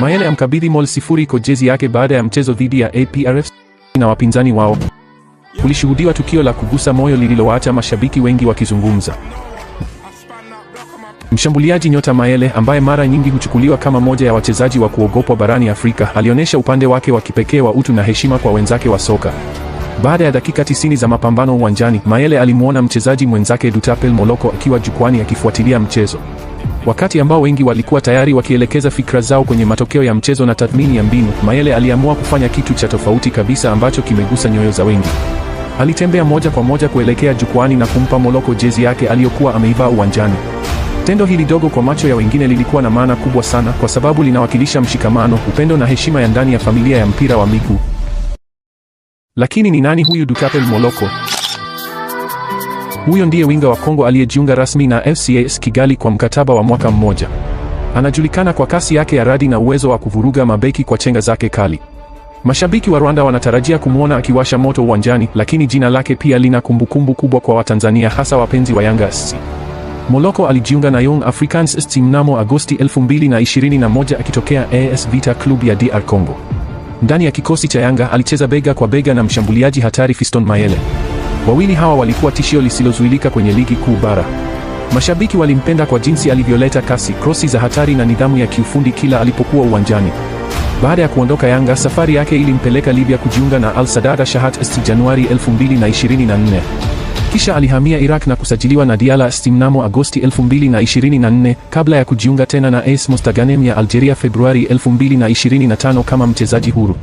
Mayele amkabidhi Mol Sifuri jezi yake baada ya mchezo dhidi ya APRF na wapinzani wao. Kulishuhudiwa tukio la kugusa moyo lililowaacha mashabiki wengi wakizungumza. Mshambuliaji nyota Mayele ambaye mara nyingi huchukuliwa kama moja ya wachezaji wa kuogopwa barani Afrika alionyesha upande wake wa kipekee wa utu na heshima kwa wenzake wa soka. Baada ya dakika tisini za mapambano uwanjani, Mayele alimwona mchezaji mwenzake Dutapel Moloko akiwa jukwani akifuatilia mchezo. Wakati ambao wengi walikuwa tayari wakielekeza fikra zao kwenye matokeo ya mchezo na tathmini ya mbinu, Mayele aliamua kufanya kitu cha tofauti kabisa ambacho kimegusa nyoyo za wengi. Alitembea moja kwa moja kuelekea jukwani na kumpa Moloko jezi yake aliyokuwa ameivaa uwanjani. Tendo hili dogo kwa macho ya wengine lilikuwa na maana kubwa sana kwa sababu linawakilisha mshikamano, upendo na heshima ya ndani ya familia ya mpira wa miguu. Lakini ni nani huyu Dukapel Moloko? Huyo ndiye winga wa Kongo aliyejiunga rasmi na FCAS Kigali kwa mkataba wa mwaka mmoja. Anajulikana kwa kasi yake ya radi na uwezo wa kuvuruga mabeki kwa chenga zake kali. Mashabiki wa Rwanda wanatarajia kumwona akiwasha moto uwanjani, lakini jina lake pia lina kumbukumbu kubwa kwa Watanzania hasa wapenzi wa Yanga SC. Moloko alijiunga na Young Africans SC mnamo Agosti 2021 akitokea AS Vita Club ya DR Congo. Ndani ya kikosi cha Yanga alicheza bega kwa bega na mshambuliaji hatari Fiston Mayele. Wawili hawa walikuwa tishio lisilozuilika kwenye ligi kuu bara. Mashabiki walimpenda kwa jinsi alivyoleta kasi, krosi za hatari na nidhamu ya kiufundi kila alipokuwa uwanjani. Baada ya kuondoka Yanga, safari yake ilimpeleka Libya kujiunga na Al Sadada Shahat ST Januari 2024. Kisha alihamia Iraq na kusajiliwa na Diala ST mnamo Agosti 2024 kabla ya kujiunga tena na AS Mostaganem ya Algeria Februari 2025 kama mchezaji huru.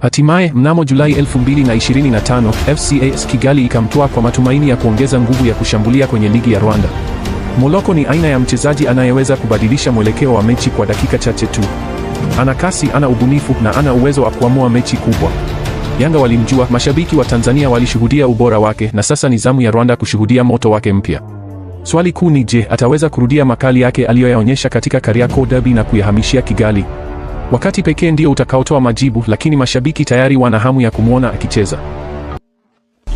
Hatimaye mnamo Julai 2025 FCAS Kigali ikamtoa kwa matumaini ya kuongeza nguvu ya kushambulia kwenye ligi ya Rwanda. Moloko ni aina ya mchezaji anayeweza kubadilisha mwelekeo wa mechi kwa dakika chache tu. Ana kasi, ana ubunifu na ana uwezo wa kuamua mechi kubwa. Yanga walimjua, mashabiki wa Tanzania walishuhudia ubora wake, na sasa ni zamu ya Rwanda kushuhudia moto wake mpya. Swali kuu ni je, ataweza kurudia makali yake aliyoyaonyesha katika Kariakoo Derby na kuyahamishia Kigali? Wakati pekee ndio utakaotoa majibu, lakini mashabiki tayari wana hamu ya kumwona akicheza.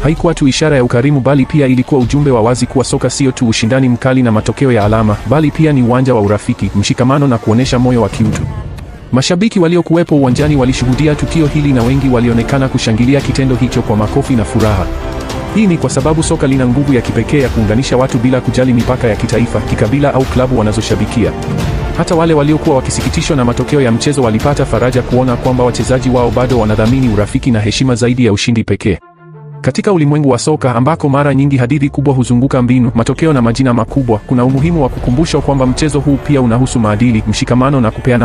Haikuwa tu ishara ya ukarimu, bali pia ilikuwa ujumbe wa wazi kuwa soka sio tu ushindani mkali na matokeo ya alama, bali pia ni uwanja wa urafiki, mshikamano na kuonesha moyo wa kiutu. Mashabiki waliokuwepo uwanjani walishuhudia tukio hili na wengi walionekana kushangilia kitendo hicho kwa makofi na furaha. Hii ni kwa sababu soka lina nguvu ya kipekee ya kuunganisha watu bila kujali mipaka ya kitaifa, kikabila au klabu wanazoshabikia. Hata wale waliokuwa wakisikitishwa na matokeo ya mchezo walipata faraja kuona kwamba wachezaji wao bado wanadhamini urafiki na heshima zaidi ya ushindi pekee. Katika ulimwengu wa soka ambako mara nyingi hadithi kubwa huzunguka mbinu, matokeo na majina makubwa, kuna umuhimu wa kukumbushwa kwamba mchezo huu pia unahusu maadili, mshikamano na kupeana